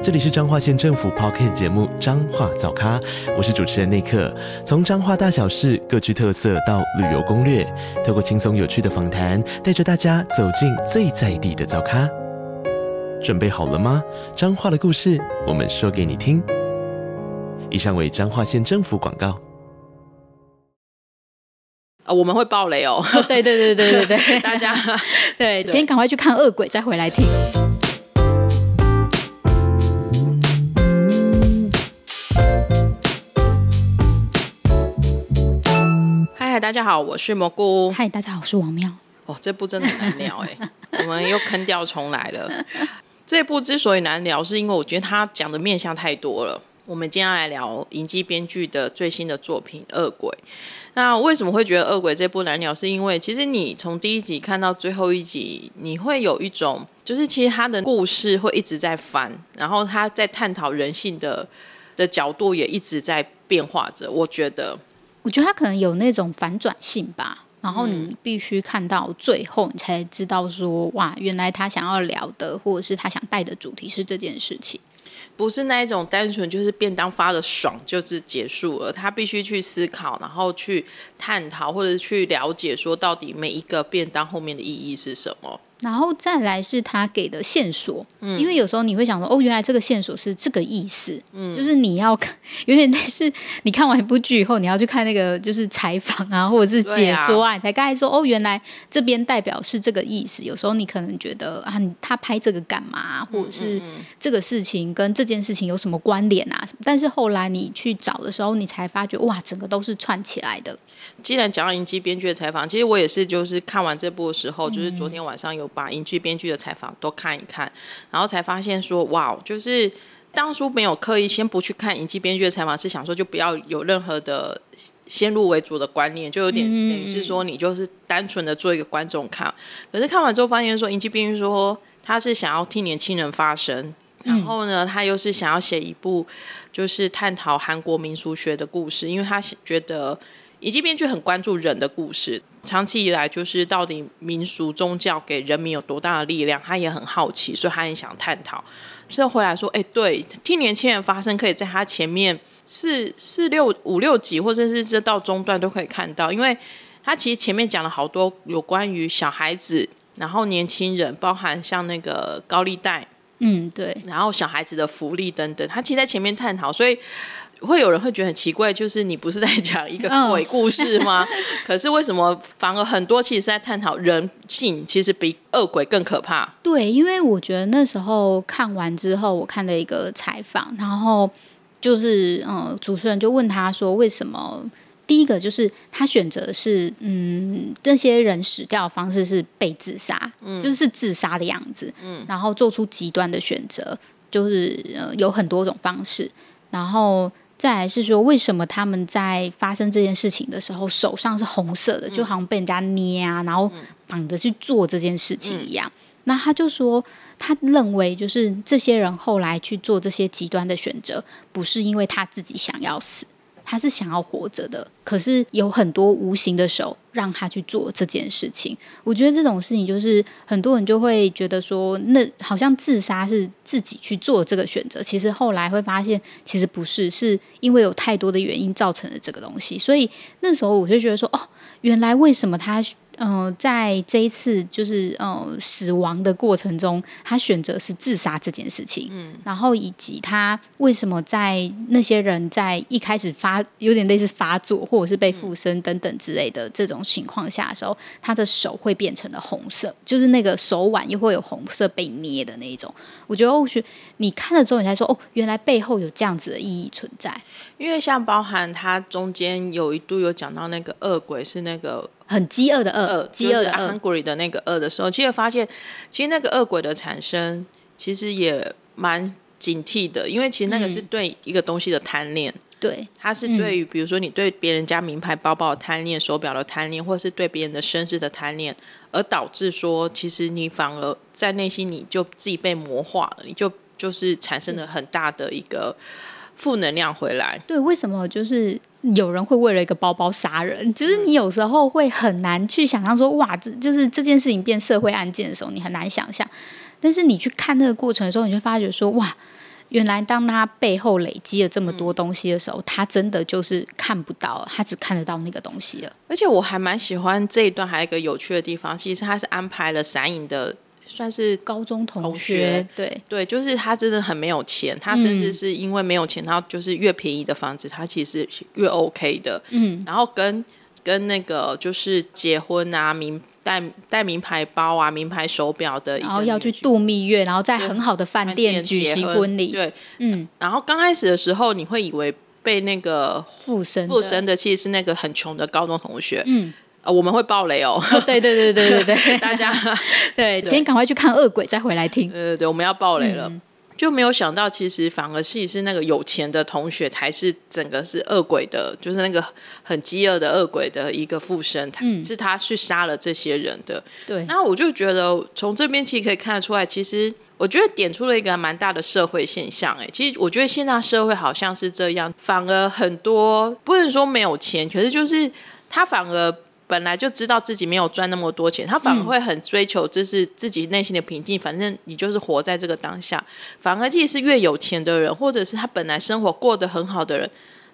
這裡是彰化縣政府 Podcast 節目《彰化早咖》，我是主持人內克。從彰化大小事各具特色到旅遊攻略，透過輕鬆有趣的訪談，帶着大家走進最在地的早咖。準備好了嗎？彰化的故事，我們說給你聽。以上為彰化縣政府廣告。啊、哦，我們會爆雷哦！哦對,對對對對對對， 大家， 對，先趕快去看惡鬼，再回來聽。Hi, 大家好，我是蘑菇。嗨，大家好，我是王妙。哦，這部真的難聊哎， 我們又坑掉重來了。 這部之所以難聊，是因為我覺得他講的面向太多了。我們今天要來聊銀姬編劇的最新的作品《惡鬼》。那為什麼會覺得《惡鬼》這部難聊？是因為其實你從第一集看到最後一集，你會有一種，就是其實他的故事會一直在翻，然後他在探討人性的的角度也一直在變化着。我覺得。我覺得他可能有那種反轉性吧，然後你必須看到最後，你才知道說，嗯，哇，原來他想要聊的，或者是他想帶的主題是這件事情，不是那一種單純就是便當發的爽就是結束了，他必須去思考，然後去探討或者去了解，說到底每一個便當後面的意義是什麼？然後再來是他給的線索，嗯，因為有時候你會想說，哦，原來這個線索是這個意思，嗯，就是你要有點，但是你看完一部劇以後，你要去看那個就是採訪啊，或者是解說啊，啊，你才剛才說，哦，原來這邊代表是這個意思。有時候你可能覺得啊，他拍這個幹嘛，或者是這個事情跟這件事情有什麼關聯啊？嗯嗯嗯，但是後來你去找的時候，你才發覺，哇，整個都是串起來的。既然講到銀姬編劇的採訪，其實我也是，就是看完這部的時候，嗯嗯，就是昨天晚上有把銀姬編劇的採訪都看一看，然後才發現說，哇，就是當初沒有刻意先不去看銀姬編劇的採訪，是想說就不要有任何的先入為主的觀念，就有點等於是說你就是單純的做一個觀眾看嗯嗯。可是看完之後發現說，銀姬編劇說他是想要替年輕人發聲、嗯，然後呢，他又是想要寫一部就是探討韓國民俗學的故事，因為他覺得。以及編劇很關注人的故事，長期以來就是到底民俗宗教給人民有多大的力量，他也很好奇，所以他很想探討。所以回來說，哎、欸，對，聽年輕人發聲，可以在他前面四、四六五六集，或者是這到中段都可以看到，因為他其實前面講了好多有關於小孩子，然後年輕人，包含像那個高利貸，嗯，對，然後小孩子的福利等等，他其實在前面探討，所以。會有人會覺得很奇怪，就是你不是在講一個鬼故事嗎？Oh. 可是為什麼反而很多其實是在探討人性，其實比惡鬼更可怕。對，因為我覺得那時候看完之後，我看了一個採訪，然後就是嗯，主持人就問他說，為什麼第一個就是他選擇的是嗯，這些人死掉的方式是被自殺，嗯、就是自殺的樣子、嗯，然後做出極端的選擇，就是、呃、有很多種方式，然後。再來是說，為什麼他們在發生這件事情的時候，手上是紅色的，就好像被人家捏啊，然後綁着去做這件事情一樣？那他就說，他認為就是這些人後來去做這些極端的選擇，不是因為他自己想要死。他是想要活着的，可是有很多無形的手讓他去做這件事情。我覺得這種事情就是很多人就會覺得說，那好像自殺是自己去做這個選擇。其實後來會發現，其實不是，是因為有太多的原因造成了這個東西。所以那時候我就覺得說，哦，原來為什麼他。嗯、呃，在這一次就是呃死亡的過程中，他選擇是自殺這件事情。嗯，然後以及他為什麼在那些人在一開始發有點類似發作或者是被附身等等之類的這種情況下的時候，嗯、他的手會變成了紅色，就是那個手腕又會有紅色被捏的那一種。我覺得哦，你看了之後你才說哦，原來背後有這樣子的意義存在。因為像包含他中間有一度有講到那個惡鬼是那個。很飢餓的，餓飢餓的餓，就是 hungry 的那個餓的時候，其實發現，其實那個惡鬼的產生其實也蠻警惕的，因為其實那個是對一個東西的貪戀，對、嗯，它是對於、嗯、比如說你對別人家名牌包包的貪戀、手錶的貪戀，或者是對別人的身世的貪戀，而導致說，其實你反而在內心你就自己被魔化了，你就就是產生了很大的一個負能量回來。嗯、對，為什麼就是？有人會為了一個包包殺人，就是你有時候會很難去想象說哇，就是這件事情變社會案件的時候，你很難想象。但是你去看那個過程的時候，你就發覺說哇，原來當他背後累積了這麼多東西的時候，他真的就是看不到，他只看得到那個東西了。而且我還蠻喜歡這一段，還有一個有趣的地方，其實他是安排了閃影的。算是高中同學，對對，就是他真的很沒有錢，嗯、他甚至是因為沒有錢，他就是越便宜的房子，他其實是越 OK 的，嗯。然後跟跟那個就是結婚啊，名帶帶名牌包啊，名牌手錶的，然後要去度蜜月，然後在很好的飯店舉行婚禮，嗯，對，嗯。然後剛開始的時候，你會以為被那個附身，附身的其實是那個很窮的高中同學，嗯。哦、我們會爆雷哦！哦，對對對對對，對，對 大家對，先趕快去看惡鬼，再回來聽。呃、對，對，對，我們要爆雷了，嗯、就沒有想到，其實反而其是、是那個有錢的同學才是整個是惡鬼的，就是那個很飢餓的惡鬼的一個附身，他、嗯、是他去殺了這些人的。對，那我就覺得從這邊其實可以看得出來，其實我覺得點出了一個蠻大的社會現象。哎，其實我覺得現在社會好像是這樣，反而很多不能說沒有錢，可是就是他反而。本來就知道自己沒有賺那麼多錢，他反而會很追求，就是自己內心的平靜、嗯。反正你就是活在這個當下。反而，即使越有錢的人，或者是他本來生活過得很好的人，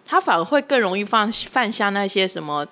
他反而會更容易犯犯下那些什麼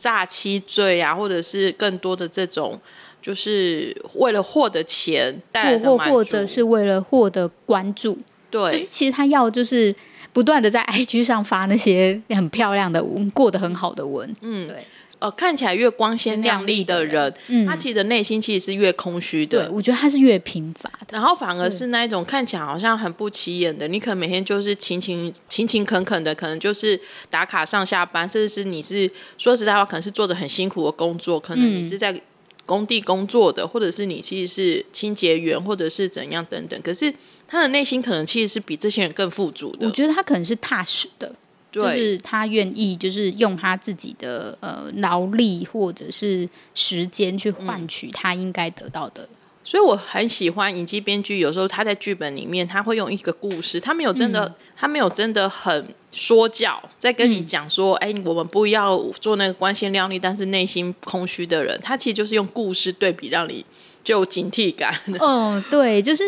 詐欺罪啊，或者是更多的這種，就是為了獲得錢帶來的，或或者是為了獲得關注，對，就是其實他要就是不斷的在 IG 上發那些很漂亮的文，過得很好的文，嗯，對。哦、呃，看起來越光鮮亮麗的人，亮麗的人、嗯，他其實內心其實是越空虛的。對，我覺得他是越貧乏的。然後反而是那一種看起來好像很不起眼的，你可能每天就是勤勤勤勤懇懇的，可能就是打卡上下班，甚至是你是說實在話，可能是做着很辛苦的工作，可能你是在工地工作的，嗯、或者是你其實是清潔員，或者是怎樣等等。可是他的內心可能其實是比這些人更富足的。我覺得他可能是踏實的。就是他願意，就是用他自己的呃勞力或者是時間去換取他應該得到的，嗯，所以我很喜歡影集編劇。有時候他在劇本裡面，他會用一個故事，他沒有真的，嗯，他沒有真的很說教，在跟你講說，哎，嗯欸，我們不要做那個光鮮亮麗但是內心空虛的人。他其實就是用故事對比，讓你，就有警惕感。嗯，對，就是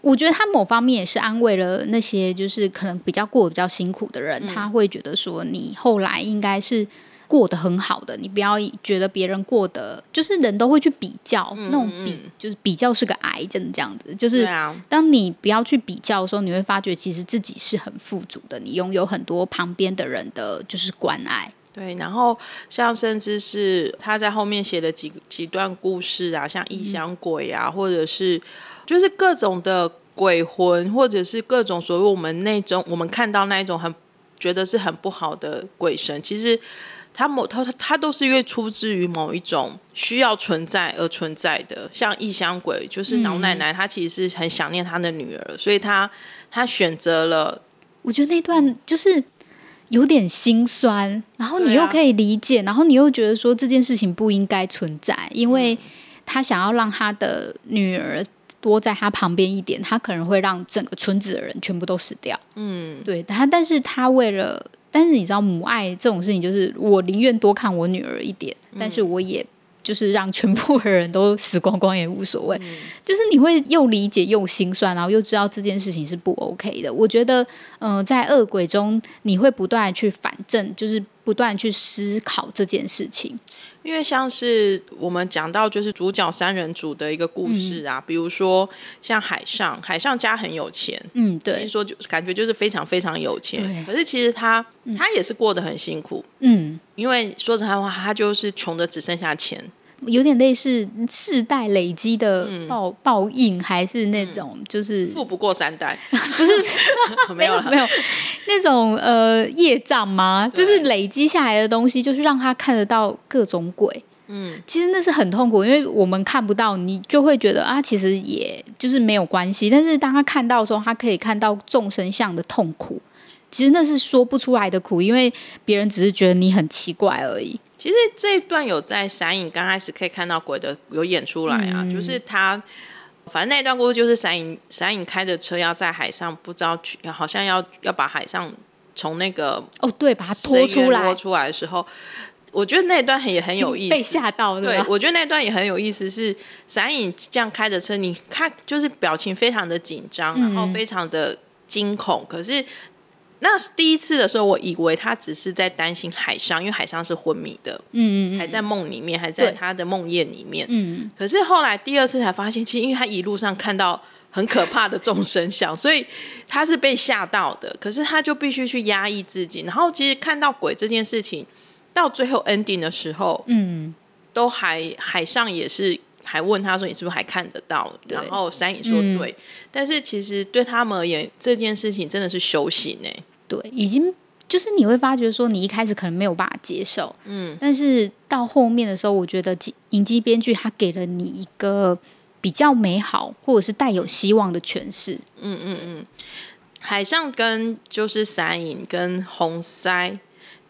我覺得他某方面也是安慰了那些就是可能比較過得比較辛苦的人，嗯、他會覺得說，你後來應該是過得很好的，你不要覺得別人過得就是，人都會去比較，嗯、那種比、嗯、就是比較是個癌症這樣子，就是當你不要去比較的時候，你會發覺其實自己是很富足的，你擁有很多旁邊的人的就是關愛。對，然後像甚至是他在後面寫的幾幾段故事啊，像異鄉鬼啊、嗯，或者是就是各種的鬼魂，或者是各種所謂我們那種我們看到那一種很覺得是很不好的鬼神，其實他某他他他都是因為出自於某一種需要存在而存在的。像異鄉鬼，就是老奶奶她、嗯、其實是很想念她的女兒，所以她她選擇了。我覺得那段就是。有點心酸，然後你又可以理解，啊、然後你又覺得說這件事情不應該存在、嗯，因為他想要讓他的女兒多在他旁邊一點，他可能會讓整個村子的人全部都死掉。嗯，對他，但是他為了，但是你知道母愛這種事情，就是我寧願多看我女兒一點，嗯、但是我也。就是讓全部的人都死光光也無所謂，mm. 就是你會又理解又心酸，然後又知道這件事情是不 OK 的。我覺得，嗯、呃，在惡鬼中，你會不斷去反正就是。不斷去思考這件事情，因為像是我們講到就是主角三人組的一個故事啊，嗯、比如說像海上，海上家很有錢，嗯，對，說就感覺就是非常非常有錢，可是其實他他也是過得很辛苦，嗯，因為說實在話，他就是窮的只剩下錢。有點類似世代累積的報、嗯、報應，還是那種就是富、嗯、不過三代， 不是，不是 沒有沒有那種呃業障嗎？就是累積下來的東西，就是讓他看得到各種鬼。嗯，其實那是很痛苦，因為我們看不到，你就會覺得啊，其實也就是沒有關係。但是當他看到的時候，他可以看到眾生相的痛苦，其實那是說不出來的苦，因為別人只是覺得你很奇怪而已。其實這一段有在閃影剛開始可以看到鬼的有演出來啊，嗯、就是他，反正那段故事就是閃影，閃影開着車要在海上，不知道去，好像要要把海上從那個哦對，把它拖出來拖出來的時候，我覺得那段很也很有意思，被嚇到對，我覺得那段也很有意思，是閃影這樣開着車，你看就是表情非常的緊張，然後非常的驚恐、嗯，可是。那第一次的時候，我以為他只是在擔心海上，因為海上是昏迷的，嗯，嗯，嗯，還在夢裡面，還在他的夢魘裡面，嗯。可是後來第二次才發現，其實因為他一路上看到很可怕的眾生相，所以他是被嚇到的。 可是他就必須去壓抑自己，然後其實看到鬼這件事情，到最後 ending 的時候，嗯，都還海上也是。還問他說：“你是不是還看得到？”然後山影說：“對。嗯”但是其實對他們而言，這件事情真的是修行呢。對，已經就是你會發覺說，你一開始可能沒有辦法接受，嗯。但是到後面的時候，我覺得銀姬編劇他給了你一個比較美好或者是帶有希望的詮釋。嗯嗯嗯，海上跟就是山影跟紅腮，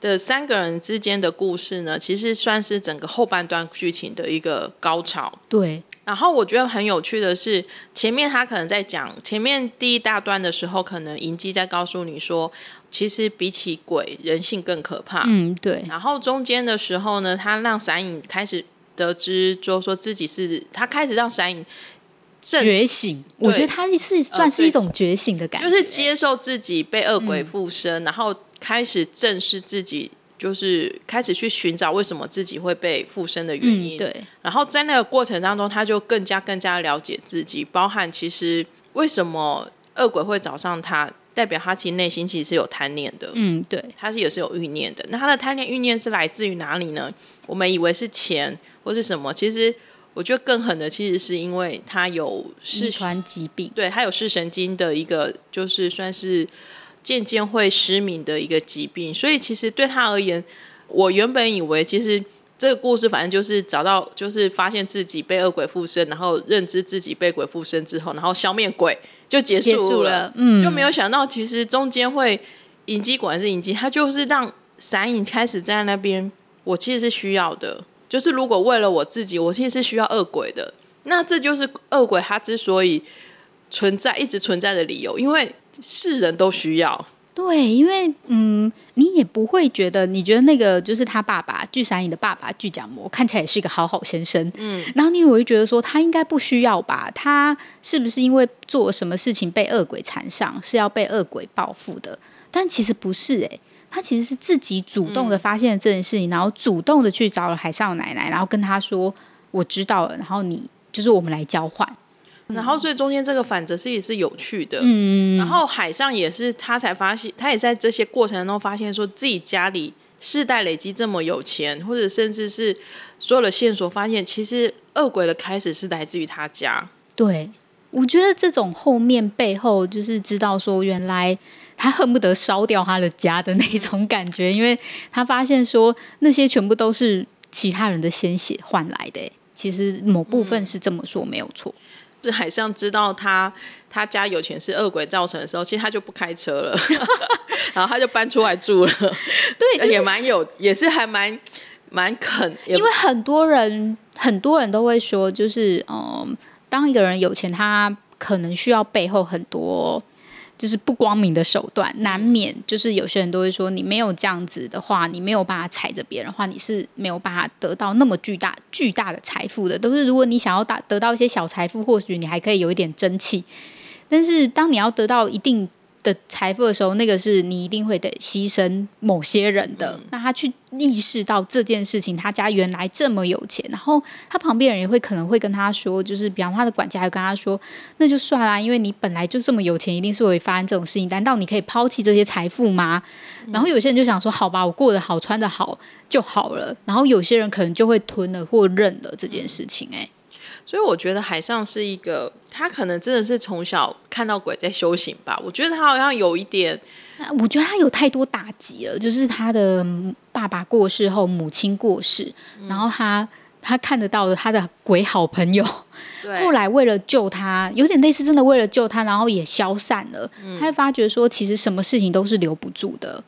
這三個人之間的故事呢，其實算是整個後半段劇情的一個高潮。對。然後我覺得很有趣的是，前面他可能在講前面第一大段的時候，可能銀姬在告訴你說，其實比起鬼，人性更可怕。嗯，對。然後中間的時候呢，他讓山影開始得知，就說自己是他開始讓山影正覺醒。我覺得他是算是一種覺醒的感覺，呃、就是接受自己被惡鬼附身，嗯、然後。開始正視自己，就是開始去尋找為什麼自己會被附身的原因。嗯。對，然後在那個過程當中，他就更加更加了解自己，包含其實為什麼惡鬼會找上他，代表他其實內心其實是有貪念的。嗯，對，他是也是有欲念的。那他的貪念欲念是來自於哪裡呢？我們以為是錢或是什麼，其實我覺得更狠的，其實是因為他有遺傳疾病，對，他有視神經的一個，就是算是。漸漸會失明的一個疾病，所以其實對他而言，我原本以為其實這個故事反正就是找到，就是發現自己被惡鬼附身，然後認知自己被鬼附身之後，然後消滅鬼就結束，結束了，嗯，就沒有想到其實中間會引機，果然是引機，他就是讓散影開始在那邊，我其實是需要的，就是如果為了我自己，我其實是需要惡鬼的，那這就是惡鬼他之所以存在，一直存在的理由，因為。是人都需要，嗯、對，因為嗯，你也不會覺得，你覺得那個就是他爸爸具山影的爸爸具江模看起來也是一個好好先生，嗯，然後你也會覺得說他應該不需要吧，他是不是因為做什麼事情被惡鬼纏上，是要被惡鬼報復的？但其實不是、欸，哎，他其實是自己主動的發現了這件事情、嗯，然後主動的去找了海上的奶奶，然後跟他說我知道了，然後你就是我們來交換。然後最中間這個反則是也是有趣的，嗯，然後海上也是他才發現，他也在這些過程中發現，說自己家裡世代累積這麼有錢，或者甚至是所有的線索發現，其實惡鬼的開始是來自於他家。對我覺得這種後面背後就是知道說，原來他恨不得燒掉他的家的那種感覺，因為他發現說那些全部都是其他人的鮮血換來的，其實某部分是這麼說沒有錯。嗯就是、海上知道他他家有錢是惡鬼造成的時候，其實他就不開車了， 然後他就搬出來住了。對，就是、也蠻有，也是還蠻蠻肯。因為很多人很多人都會說，就是嗯，當一個人有錢，他可能需要背後很多。就是不光明的手段，難免就是有些人都會說，你沒有這樣子的話，你沒有辦法踩着別人的話，你是沒有辦法得到那麼巨大、巨大的財富的。都是如果你想要得到一些小財富，或許你還可以有一點爭氣，但是當你要得到一定。的財富的時候，那個是你一定會得犧牲某些人的。那他去意識到這件事情，他家原來這麼有錢，然後他旁邊人也會可能會跟他說，就是比方他的管家還跟他說：“那就算啦、啊，因為你本來就這麼有錢，一定是會發生這種事情。難道你可以拋棄這些財富嗎？”然後有些人就想說：“好吧，我過得好，穿得好就好了。”然後有些人可能就會吞了或認了這件事情、欸。誒。所以我覺得海上是一個，他可能真的是從小看到鬼在修行吧。我覺得他好像有一點，呃、我覺得他有太多打擊了。就是他的爸爸過世後，母親過世，嗯、然後他他看得到了他的鬼好朋友，後來為了救他，有點類似真的為了救他，然後也消散了。他發覺說，其實什麼事情都是留不住的。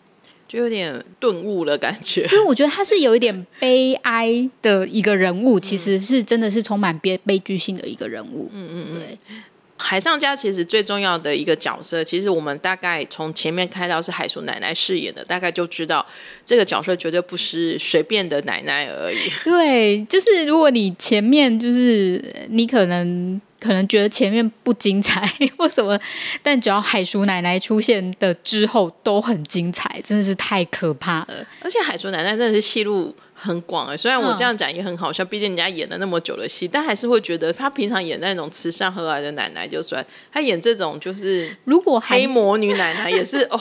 就有點頓悟的感覺，因為我覺得他是有一點悲哀的一個人物，嗯、其實是真的是充滿悲悲劇性的一個人物。嗯嗯，對。海上家其實最重要的一個角色，其實我們大概從前面看到是海叔奶奶飾演的，大概就知道這個角色絕對不是隨便的奶奶而已。對，就是如果你前面就是你可能。可能覺得前面不精彩，為什麼？但只要海叔奶奶出現的之後，都很精彩，真的是太可怕了。而且海叔奶奶真的是戲路。很廣哎、欸，雖然我這樣講也很好笑，畢竟人家演了那麼久的戲、嗯，但還是會覺得他平常演那種慈祥和藹的奶奶，就算他演這種，就是如果黑魔女奶奶也是哦。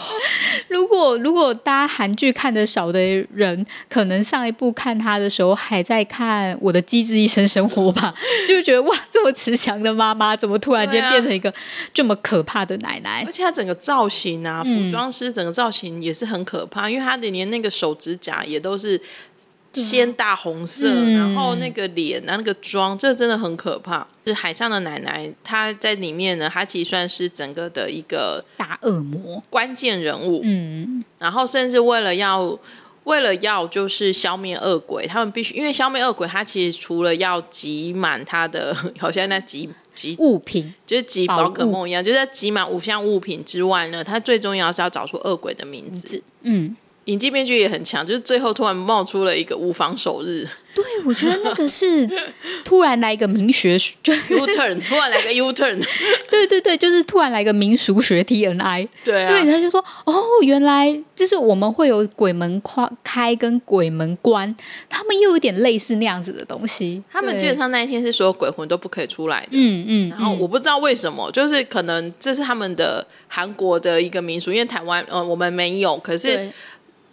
如果如果大家韓劇看的少的人，可能上一部看他的時候還在看《我的機智醫生生活》吧， 就覺得哇，這麼慈祥的媽媽怎麼突然間變成一個這麼可怕的奶奶？啊、而且他整個造型啊，服裝師整個造型也是很可怕，嗯、因為他的連那個手指甲也都是。鮮大紅色，嗯，然後那個臉，那那個妝，這真的很可怕。是海上的奶奶，她在裡面呢，她其實算是整個的一個大惡魔關鍵人物。嗯，然後甚至為了要，為了要就是消滅惡鬼，他們必須，因為消滅惡鬼，她其實除了要集滿他的，好像那集集物品，就是集寶可夢寶一樣，就是集滿五項物品之外呢，他最重要是要找出惡鬼的名字。嗯。演技編劇也很強，就是最後突然冒出了一個無防守日。對，我覺得那個是突然來一個民學，學就是 U turn，突然來一個 U turn。 對對對，就是突然來一個民俗學 T N I。對啊。對，他就說：“哦，原來就是我們會有鬼門跨開跟鬼門關，他們又有點類似那樣子的東西。他們基本上那一天是所有鬼魂都不可以出來的。嗯嗯，嗯。然後我不知道為什麼，就是可能這是他們的韓國的一個民俗，因為台灣呃我們沒有，可是。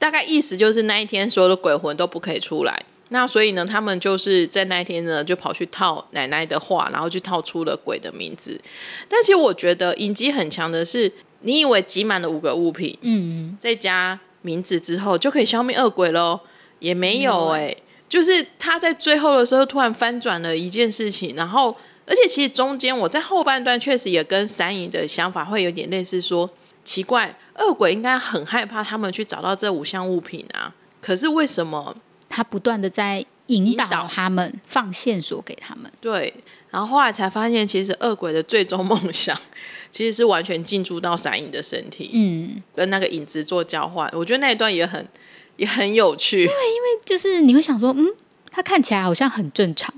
大概意思就是那一天所有的鬼魂都不可以出來，那所以呢，他們就是在那一天呢就跑去套奶奶的話，然後就套出了鬼的名字。但其實我覺得影集很強的是，你以為集滿了五個物品，嗯，再加名字之後就可以消滅惡鬼嘍，也沒有哎、欸嗯，就是他在最後的時候突然翻轉了一件事情，然後而且其實中間我在後半段確實也跟三影的想法會有點類似，說。奇怪，惡鬼應該很害怕他們去找到這五項物品啊！可是為什麼他不斷的在引導他們放線索給他們？對，然後後來才發現，其實惡鬼的最終夢想其實是完全進駐到山影的身體，嗯，跟那個影子做交換。我覺得那一段也很也很有趣，因為因為就是你會想說，嗯，他看起來好像很正常，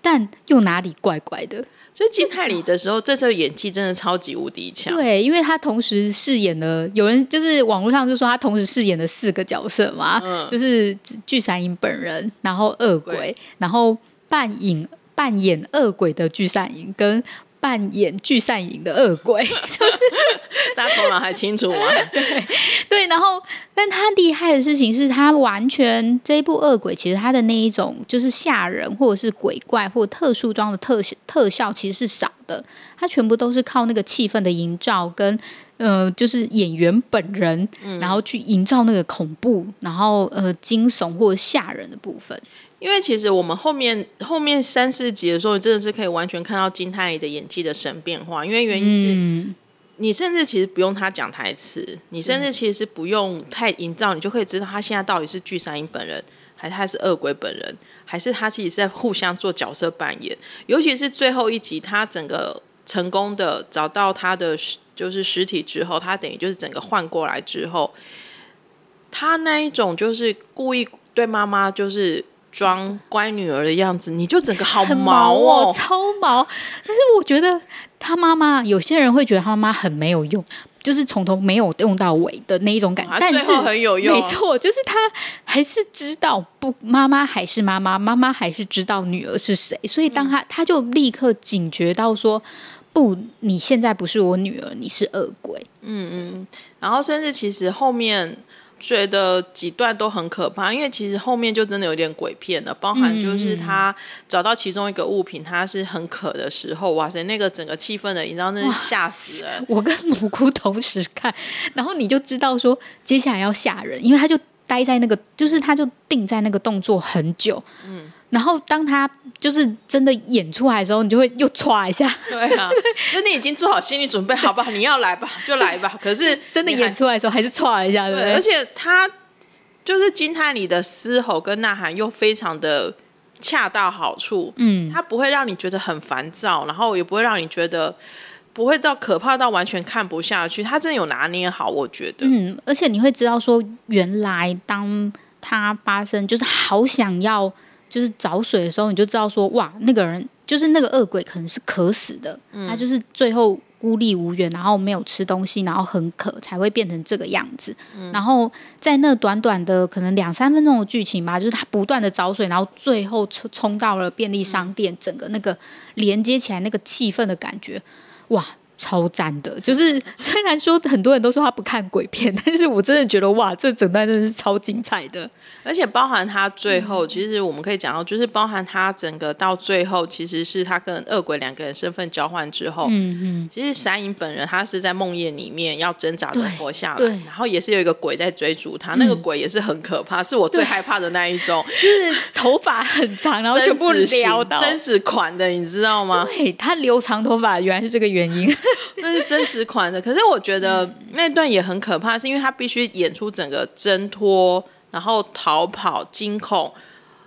但又哪裡怪怪的？所以金泰梨的時候，這時候這次演技真的超級無敵強。對，因為他同時飾演了，有人就是網絡上就說他同時飾演了四個角色嘛，嗯、就是具山影本人，然後惡鬼，然後扮演扮演惡鬼的具山影跟。扮演聚散營的惡鬼，就是 大家頭腦還清楚嗎？ 對對，然後，但他厲害的事情是他完全這一部惡鬼，其實他的那一種就是嚇人，或者是鬼怪，或者特殊裝的特特效，其實是少的，他全部都是靠那個氣氛的營造跟。呃，就是演員本人、嗯，然後去營造那個恐怖，然後呃驚悚或嚇人的部分。因為其實我們後面後面三四集的時候，真的是可以完全看到金泰梨的演技的神變化。因為原因是、嗯、你甚至其實不用他講台詞、嗯，你甚至其實不用太營造，你就可以知道他現在到底是具算英本人，還是他是惡鬼本人，還是他自己是在互相做角色扮演。尤其是最後一集，他整個成功的找到他的。就是實體之後，他等於就是整個換過來之後，他那一種就是故意對媽媽就是裝乖女兒的樣子，你就整個好毛哦，毛哦超毛。但是我覺得他媽媽，有些人會覺得他媽媽很沒有用，就是從頭沒有用到尾的那一種感覺、啊。但是很有用，沒錯，就是他還是知道不，媽媽還是媽媽，媽媽還是知道女兒是誰，所以當他、嗯、他就立刻警覺到說。不，你現在不是我女兒，你是惡鬼。嗯嗯，然後甚至其實後面覺得幾段都很可怕，因為其實後面就真的有點鬼片了，包含就是他找到其中一個物品，嗯、他是很渴的時候、嗯，哇塞，那個整個氣氛的，你知道那是嚇死人。我跟蘑菇同時看，然後你就知道說接下來要嚇人，因為他就待在那個，就是他就定在那個動作很久。嗯。然後當他就是真的演出來的時候，你就會又唰一下，對啊，就 你已經做好心理準備好，好不好？你要來吧，就來吧。可是真的演出來的時候，還是唰一下，對，對，對。而且他就是驚嘆你的嘶吼跟吶喊，又非常的恰到好處，嗯，他不會讓你覺得很煩躁，然後也不會讓你覺得不會到可怕到完全看不下去。他真的有拿捏好，我覺得，嗯。而且你會知道，說原來當他發生，就是好想要。就是找水的時候，你就知道說，哇，那個人就是那個惡鬼，可能是渴死的、嗯。他就是最後孤立無援，然後沒有吃東西，然後很渴，才會變成這個樣子。嗯、然後在那短短的可能兩三分鐘的劇情吧，就是他不斷的找水，然後最後衝衝到了便利商店、嗯，整個那個連接起來那個氣氛的感覺，哇！超讚的，就是雖然說很多人都說他不看鬼片，但是我真的覺得哇，這整段真的是超精彩的，而且包含他最後，嗯、其實我們可以講到，就是包含他整個到最後，其實是他跟惡鬼兩個人身份交換之後，嗯嗯，其實山影本人他是在夢魘裡面要掙扎的活下來，然後也是有一個鬼在追逐他，那個鬼也是很可怕，是我最害怕的那一種，就是頭髮很長，然後全部撩到貞子款的，你知道嗎？對，他留長頭髮原來是這個原因。那是真實款的，可是我覺得那段也很可怕，是因為他必須演出整個掙脫，然後逃跑、驚恐，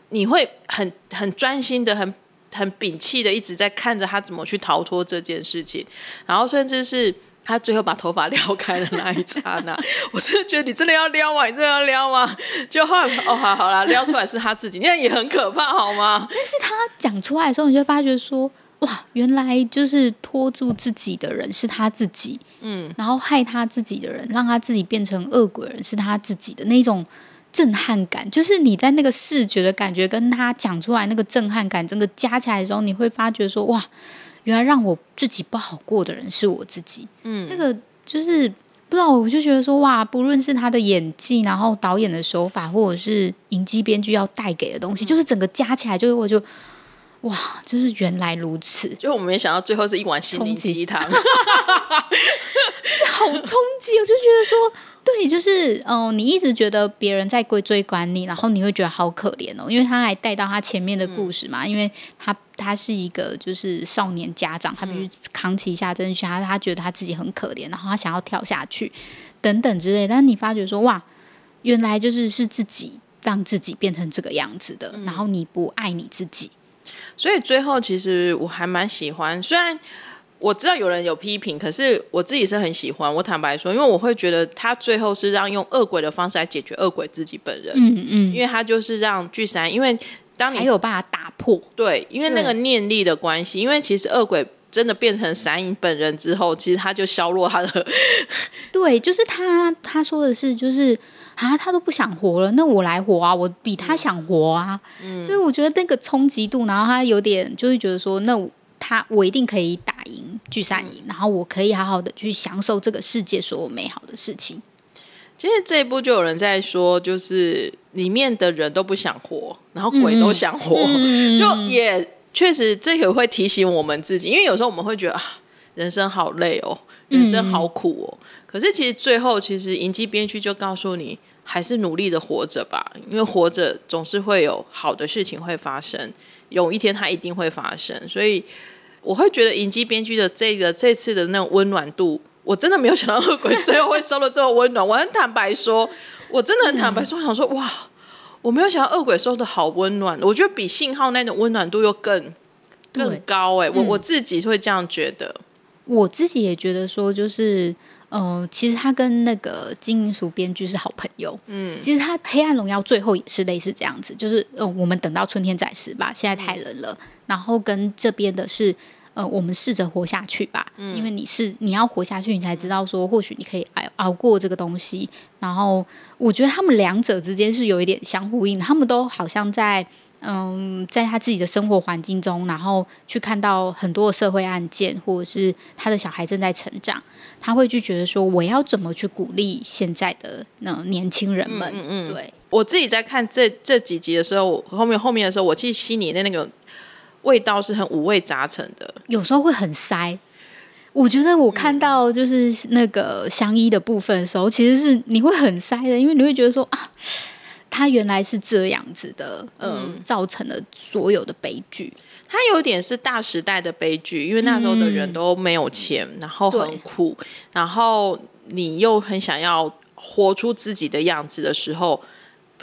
你會很很專心的、很很摒棄的一直在看着他怎麼去逃脫這件事情，然後甚至是他最後把頭髮撩開的那一剎那， 我是覺得你真的要撩嗎、啊？你真的要撩嗎、啊？就後來哦，好了，撩出來是他自己，那也很可怕，好嗎？但是他講出來的時候，你就發覺說。哇，原來就是拖住自己的人是他自己，嗯，然後害他自己的人，讓他自己變成惡鬼人是他自己的那一種震撼感，就是你在那個視覺的感覺跟他講出來那個震撼感，真的加起來的時候，你會發覺說，哇，原來讓我自己不好過的人是我自己，嗯，那個就是不知道，我就覺得說，哇，不論是他的演技，然後導演的手法，或者是銀姬編劇要帶給的東西，嗯，就是整個加起來，就我就。哇，就是原來如此！嗯、就我們沒想到最後是一碗心靈雞湯， 就是好衝擊！我就覺得說，對，就是哦、呃，你一直覺得別人在歸追管你，然後你會覺得好可憐哦，因為他還帶到他前面的故事嘛，嗯、因為他他是一個就是少年家長，他必須扛起一下，真凶，他他覺得他自己很可憐，然後他想要跳下去等等之類，但是你發覺說，哇，原來就是是自己讓自己變成這個樣子的，嗯、然後你不愛你自己。所以最後，其實我還蠻喜歡。雖然我知道有人有批評，可是我自己是很喜歡。我坦白說，因為我會覺得他最後是讓用惡鬼的方式來解決惡鬼自己本人。嗯嗯，因為他就是讓巨山，因為當你有辦法打破，對，因為那個念力的關係。因為其實惡鬼真的變成閃影本人之後，其實他就削弱他的 。對，就是他他說的是，就是。啊，他都不想活了，那我來活啊！我比他想活啊！嗯、對，我覺得那個衝擊度，然後他有點就是覺得說，那我他我一定可以打贏聚散贏，然後我可以好好的去享受這個世界所有美好的事情。其實這一部就有人在說，就是裡面的人都不想活，然後鬼都想活，嗯、就也確實這個會提醒我們自己，因為有時候我們會覺得、啊、人生好累哦，人生好苦哦。嗯嗯可是其實最後，其實銀姬編劇就告訴你，還是努力的活着吧，因為活着總是會有好的事情會發生，有一天它一定會發生。所以我會覺得銀姬編劇的這個這次的那種溫暖度，我真的沒有想到惡鬼最後會收得這麼溫暖。 我很坦白說，我真的很坦白說，我想說，哇，我沒有想到惡鬼收得好溫暖，我覺得比信號那種溫暖度又更更高哎、欸。我、嗯、我自己會這樣覺得，我自己也覺得說就是。嗯、呃，其實他跟那個金銀姬編劇是好朋友。嗯，其實他《黑暗榮耀》最後也是類似這樣子，就是、呃、我們等到春天再死吧，現在太冷了。嗯、然後跟這邊的是、呃，我們試着活下去吧。嗯，因為你是你要活下去，你才知道說、嗯、或許你可以熬熬過這個東西。然後我覺得他們兩者之間是有一點相呼應，他們都好像在。嗯，在他自己的生活環境中，然後去看到很多的社會案件，或者是他的小孩正在成長，他會就覺得說，我要怎麼去鼓勵現在的那年輕人們？嗯，嗯，對。我自己在看這這幾集的時候，後面後面的時候，我其實心裡的那個味道是很五味雜陳的，有時候會很塞。我覺得我看到就是那個相依的部分的時候，其實是你會很塞的，因為你會覺得說啊。他原來是這樣子的，嗯、呃，造成了所有的悲劇。他、嗯、有點是大時代的悲劇，因為那時候的人都沒有錢，嗯、然後很苦，然後你又很想要活出自己的樣子的時候，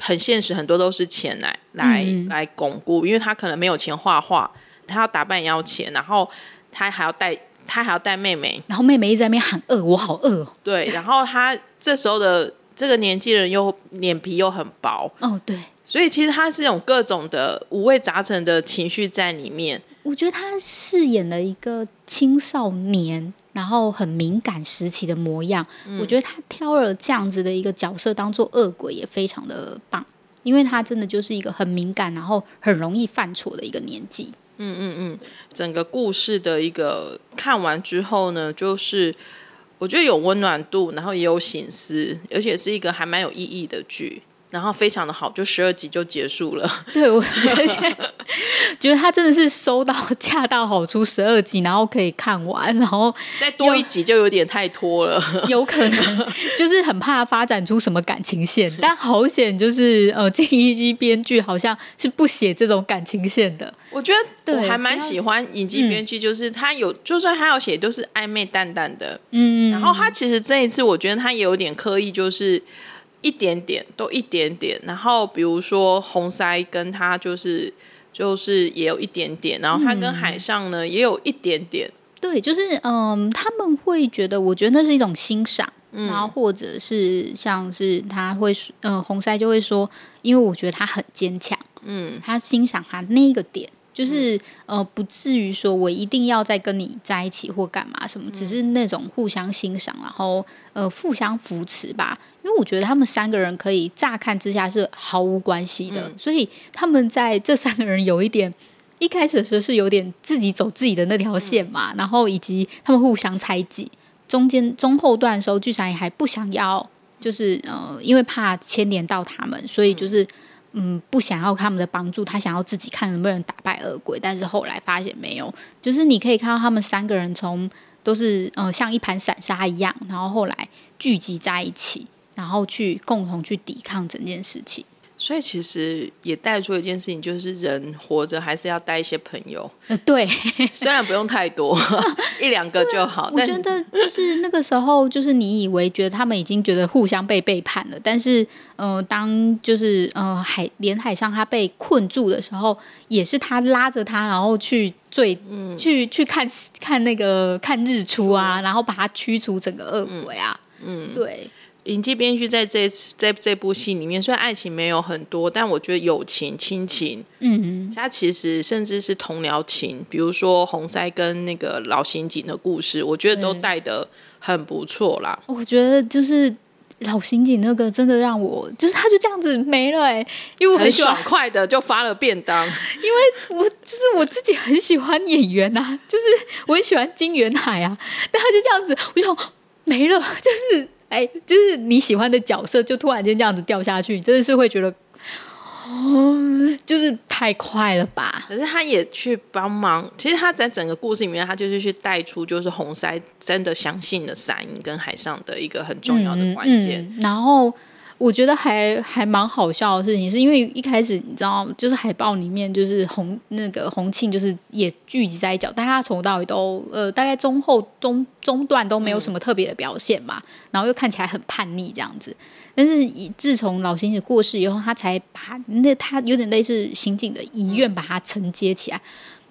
很現實，很多都是錢來來、嗯、來鞏固，因為他可能沒有錢畫畫，他要打扮也要錢，然後他還要帶，他還要帶妹妹，然後妹妹一直在那邊喊餓，我好餓、哦。對，然後他這時候的。 這個年紀的人又臉皮又很薄，哦，對，所以其實他是有各種的五味雜陳的情緒在裡面。我覺得他飾演了一個青少年，然後很敏感時期的模樣。嗯，我覺得他挑了這樣子的一個角色當做惡鬼，也非常的棒，因為他真的就是一個很敏感，然後很容易犯錯的一個年紀。嗯嗯嗯，整個故事的一個看完之後呢，就是。我覺得有溫暖度，然後也有省思，而且是一個還蠻有意義的劇。然後非常的好，就十二集就結束了。對我，而 且覺得他真的是收到恰到好處，十二集，然後可以看完，然後再多一集就有點太拖了。有可能就是很怕發展出什麼感情線， 但好險就是呃，金銀姬編劇好像是不寫這種感情線的。我覺得，對我還蠻喜歡金銀姬編劇，就是他有、嗯、就算他要寫都、就是曖昧淡淡、淡的。嗯、嗯，然後他其實這一次我覺得他也有點刻意就是。一點點，都一點點。然後比如說紅腮跟他就是就是也有一點點，然後他跟海上呢、嗯、也有一點點。對，就是嗯，他們會覺得，我覺得那是一種欣賞，然後或者是像是他會嗯、呃，紅腮就會說，因為我覺得他很堅強，嗯，他欣賞他那個點。就是呃，不至於說我一定要再跟你在一起或幹嘛什麼、嗯，只是那種互相欣賞，然後呃，互相扶持吧。因為我覺得他們三個人可以乍看之下是毫無關係的、嗯，所以他們在這三個人有一點一開始的時候是有點自己走自己的那條線嘛、嗯，然後以及他們互相猜忌，中間中後段的時候，居然也還不想要，就是呃，因為怕牽連到他們，所以就是。嗯嗯，不想要他們的幫助，他想要自己看能不能打敗惡鬼。但是後來發現沒有，就是你可以看到他們三個人從都是呃像一盤散沙一樣，然後後來聚集在一起，然後去共同去抵抗整件事情。所以其實也帶出一件事情，就是人活着還是要帶一些朋友。呃、對， 雖然不用太多，一兩個就好。 但我覺得就是那個時候，就是你以為覺得他們已經覺得互相被背叛了，但是，嗯、呃，當就是嗯、呃、海連海上他被困住的時候，也是他拉着他，然後去追、嗯，去去看看那個看日出啊、嗯，然後把他驅除整個惡鬼啊。嗯，嗯對。銀姬編劇在這在這部戲裡面，雖然愛情沒有很多，但我覺得友情、親情，嗯，他其實甚至是同僚情，比如說紅腮、跟那個老刑警的故事，我覺得都帶得很不錯啦。我覺得就是老刑警那個真的讓我，就是他就這樣子沒了、欸，哎，因為我很、很爽快的就發了便當。 因為我就是我自己很喜歡演員啊，就是我很喜歡金元海啊，但他就這樣子，我就沒了，就是。哎、欸，就是你喜歡的角色，就突然間這樣子掉下去，真的是會覺得，哦，就是太快了吧？可是他也去幫忙，其實他在整個故事裡面，他就是去帶出，就是紅腮真的相信的山跟海上的一個很重要的關鍵，嗯嗯、然後。我覺得還還蠻好笑的事情，是因為一開始你知道，就是海報裡面就是紅那個洪慶，就是也聚集在一角，大家從頭到尾都呃，大概中後中中段都沒有什麼特別的表現嘛、嗯，然後又看起來很叛逆這樣子。但是自從老刑警過世以後，他才把他那他有點類似刑警的遺願把他承接起來。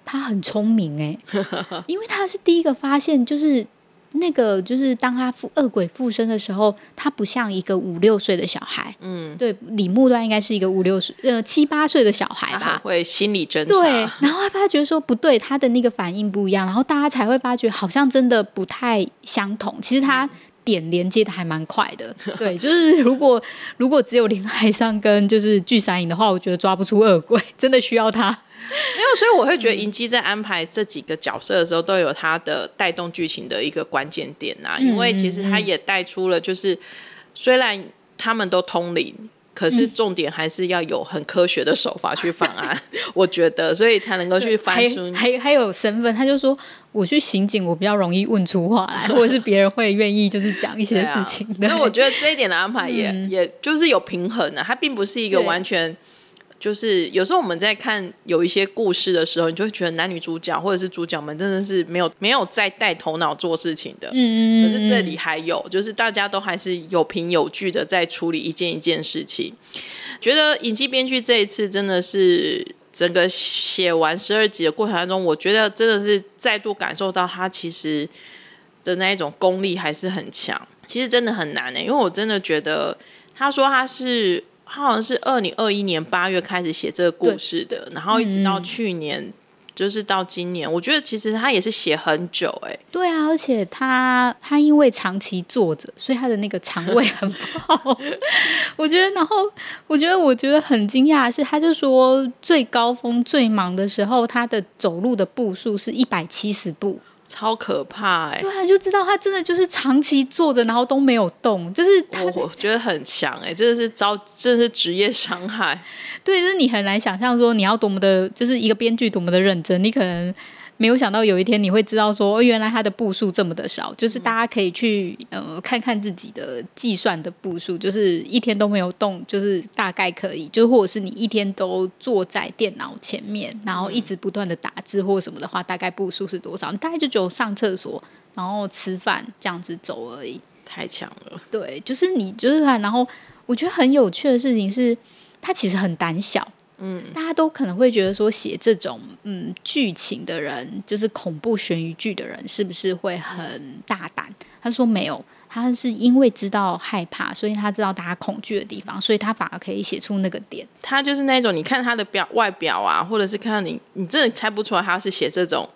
他很聰明誒、欸，因為他是第一個發現就是。那個就是當他附惡鬼附身的時候，他不像一個五六歲的小孩，嗯，對，李木段應該是一個五六歲呃七八歲的小孩吧，會心理掙扎，對，然後他發覺說不對，他的那個反應不一樣，然後大家才會發覺好像真的不太相同。其實他點連接的還蠻快的、嗯，對，就是如果如果只有林海上跟就是具山影的話，我覺得抓不出惡鬼，真的需要他。沒有，所以我會覺得銀姬在安排這幾個角色的時候，都有他的帶動劇情的一個關鍵點吶、啊嗯。因為其實他也帶出了，就是雖然他們都通靈，可是重點還是要有很科學的手法去辦案、啊。嗯、 我覺得，所以才能夠去翻出還還，還，還有身份。他就說，我去刑警，我比較容易問出話來、啊，或者是別人會願意就是講一些事情。啊、所以我覺得這一點的安排也、嗯、也就是有平衡的、啊，它並不是一個完全。就是有時候我們在看有一些故事的時候，你就會覺得男女主角或者是主角們真的是沒有沒有再帶頭腦做事情的。嗯。可是這裡還有，就是大家都還是有憑有據的在處理一件一件事情。覺得銀姬編劇這一次真的是整個寫完十二集的過程當中，我覺得真的是再度感受到他其實的那一種功力還是很強。其實真的很難呢、欸，因為我真的覺得他說他是。他好像是二零二一年八月開始寫這個故事的，然後一直到去年、嗯，就是到今年，我覺得其實他也是寫很久哎、欸。對啊，而且他他因為長期坐着，所以他的那個腸胃很不好。 我覺得，然後我覺得，我覺得很驚訝的是，他就說最高峰最忙的時候，他的走路的步數是一百七十步。超可怕、欸！對啊，就知道他真的就是長期坐着，然後都沒有動，就是他、哦、我覺得很強哎、欸，真的是招，真的是職業傷害。 對，就是你很難想象說你要多麼的，就是一個編劇多麼的認真，你可能。沒有想到有一天你會知道說，哦，原來他的步數這麼的少，就是大家可以去呃看看自己的計算的步數，就是一天都沒有動，就是大概可以，就是，或者是你一天都坐在電腦前面，然後一直不斷的打字或什麼的話，大概步數是多少？大概就只有上廁所然後吃飯這樣子走而已。太強了。對，就是你就是啊，然後我覺得很有趣的事情是，他其實很膽小。嗯，大家都可能會覺得說，寫這種嗯劇情的人，就是恐怖懸疑劇的人，是不是會很大膽？他說沒有，他是因為知道害怕，所以他知道大家恐懼的地方，所以他反而可以寫出那個點。他就是那種，你看他的表外表啊，或者是看你，你真的猜不出來他是寫這種，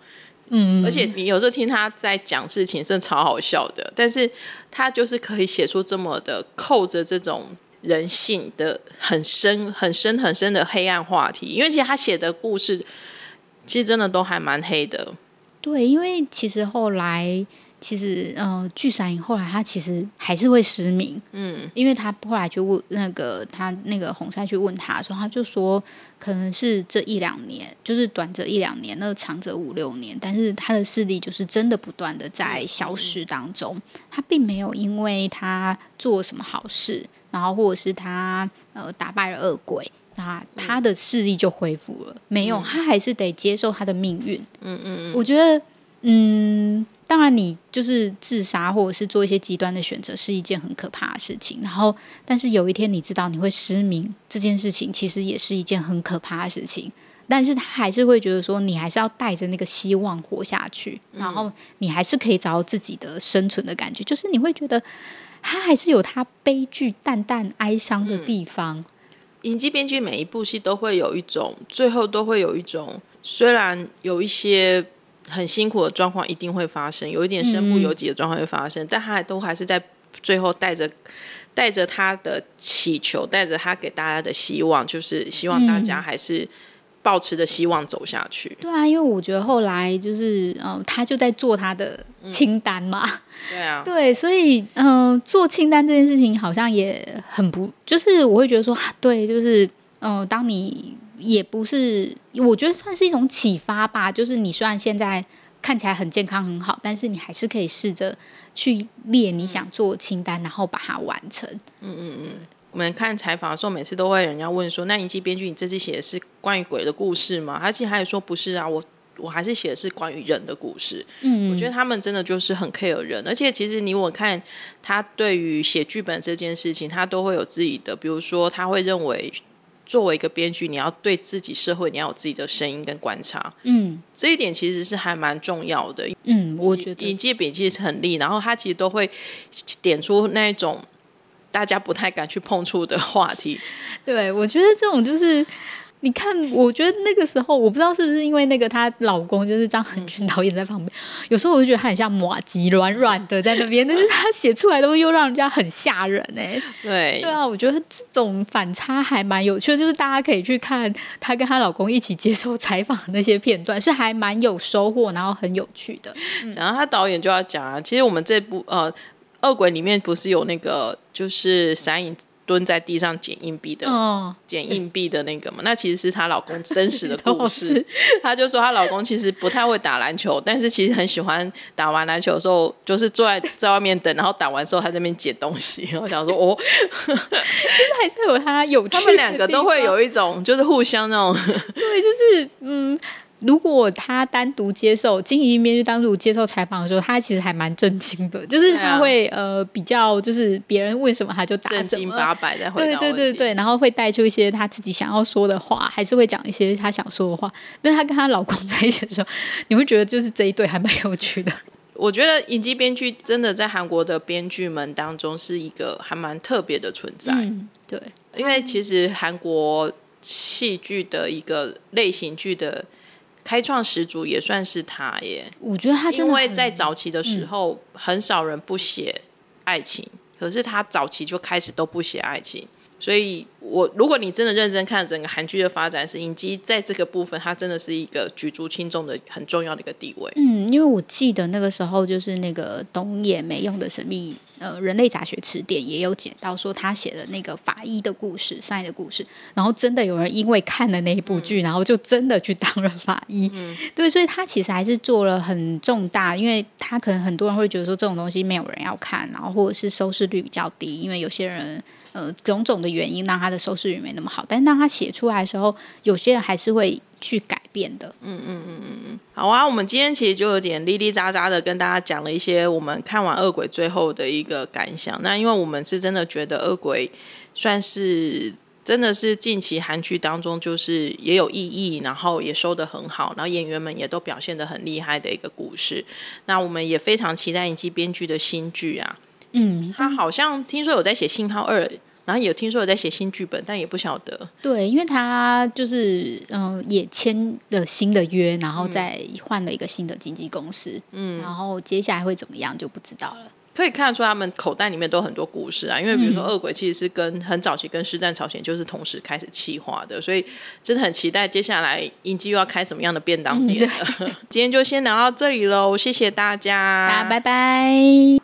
嗯，而且你有時候聽他在講事情真的超好笑的，但是他就是可以寫出這麼的扣着這種。人性的很深、很深、很深的黑暗話題，因為其實他寫的故事，其實真的都還蠻黑的。對，因為其實後來，其實呃，巨閃影後來他其實還是會失明。嗯，因為他後來就問那個他那個紅杉去問他說，他就說可能是這一兩年，就是短則一兩年，那長則五六年，但是他的視力就是真的不斷的在消失當中。他並沒有因為他做什麼好事。然後，或者是他呃打敗了惡鬼，那他的視力就恢復了，嗯。沒有，他還是得接受他的命運。嗯嗯，我覺得，嗯，當然，你就是自殺或者是做一些極端的選擇，是一件很可怕的事情。然後，但是有一天你知道你會失明這件事情，其實也是一件很可怕的事情。但是他還是會覺得說，你還是要帶着那個希望活下去，然後你還是可以找到自己的生存的感覺，就是你會覺得。他還是有他悲劇淡淡哀傷的地方。嗯、銀姬編劇每一部戲都會有一種，最後都會有一種，雖然有一些很辛苦的狀況一定會發生，有一點身不由己的狀況會發生，嗯，但他都還是在最後帶着帶着他的祈求，帶着他給大家的希望，就是希望大家還是。嗯抱持着希望走下去。對啊，因為我覺得後來就是，嗯、呃，他就在做他的清單嘛。嗯、對啊。對，所以，嗯、呃，做清單這件事情好像也很不，就是我會覺得說，對，就是，嗯、呃，當你也不是，我覺得算是一種啟發吧。就是你雖然現在看起來很健康很好，但是你還是可以試着去列你想做清單，然後把它完成。嗯嗯嗯。我們看採訪的時候，每次都會有人要問說：“那銀姬編劇，你這次寫的是關於鬼的故事嗎？”他其實還說：“不是啊，我我還是寫的是關於人的故事。嗯”嗯，我覺得他們真的就是很 care 人。而且其實你我看他對於寫劇本這件事情，他都會有自己的，比如說他會認為作為一個編劇，你要對自己社會，你要有自己的聲音跟觀察。嗯，這一點其實是還蠻重要的。嗯，我覺得銀姬筆記很利，然後他其實都會點出那一種。大家不太敢去碰觸的話題，對，我覺得這種就是，你看，我覺得那個時候，我不知道是不是因為那個她老公就是張恆俊導演在旁邊、嗯，有時候我就覺得他很像麻糬，軟軟的在那邊，但是他寫出來都又讓人家很嚇人哎、欸，對，對啊，我覺得這種反差還蠻有趣的，就是大家可以去看她跟她老公一起接受採訪的那些片段，是還蠻有收穫，然後很有趣的。然、嗯、後他導演就要講啊，其實我們這部呃。惡鬼裡面不是有那個就是三影蹲在地上撿硬幣的，撿、哦、硬幣的那個嘛、欸？那其實是她老公真實的故事。她就說她老公其實不太會打籃球，但是其實很喜歡打完籃球的時候，就是坐在在外面等，然後打完之後他在那邊撿東西。然後想說哦，其實還是有他有趣。他們兩個都會有一種就是互相那種，對，就是嗯。如果他單獨接受金銀姬編劇單獨接受採訪的時候，他其實還蠻正經的，就是他會呃比較就是別人問什麼他就答什麼，正經八百再回答問題。對，對對對對，然後會帶出一些他自己想要說的話，還是會講一些他想說的話。那他跟他老公在一起的時候，你會覺得就是這一對還蠻有趣的。我覺得銀姬編劇真的在韓國的編劇們當中是一個還蠻特別的存在，嗯、對，因為其實韓國戲劇的一個類型劇的。開創始祖也算是他耶，我覺得他因為在早期的時候、嗯、很少人不寫愛情，可是他早期就開始都不寫愛情，所以我，如果你真的認真看整個韓劇的發展史，影集在這個部分，它真的是一個舉足輕重的很重要的一個地位。嗯，因為我記得那個時候就是那個東野沒用的神秘。呃，人類雜學詞典也有講到說，他寫的那個法醫的故事、犯罪的故事，然後真的有人因為看了那一部劇、嗯，然後就真的去當了法醫、嗯。對，所以他其實還是做了很重大，因為他可能很多人會覺得說，這種東西沒有人要看，然後或者是收視率比較低，因為有些人。呃，種種的原因讓他的收視率沒那麼好，但當他寫出來的時候，有些人還是會去改變的。嗯嗯嗯嗯嗯，好啊，我們今天其實就有點嘰嘰喳喳的跟大家講了一些我們看完《惡鬼》最後的一個感想。那因為我們是真的覺得《惡鬼》算是真的是近期韓劇當中，就是也有意義，然後也收得很好，然後演員們也都表現得很厲害的一個故事。那我們也非常期待銀姬編劇的新劇啊。嗯，他好像聽說有在寫《信號二》，然後也聽說有在寫新劇本，但也不曉得。對，因為他就是嗯、呃，也簽了新的約，然後再換了一個新的經紀公司。嗯，然後接下來會怎麼樣就不知道了。可以看得出他們口袋裡面都有很多故事啊，因為比如說《惡鬼》其實是跟很早期跟《屍戰朝鮮》就是同時開始企劃的，所以真的很期待接下來銀姬又要開什麼樣的便當店。嗯。今天就先聊到這裡嘍，謝謝大家，啊，拜拜。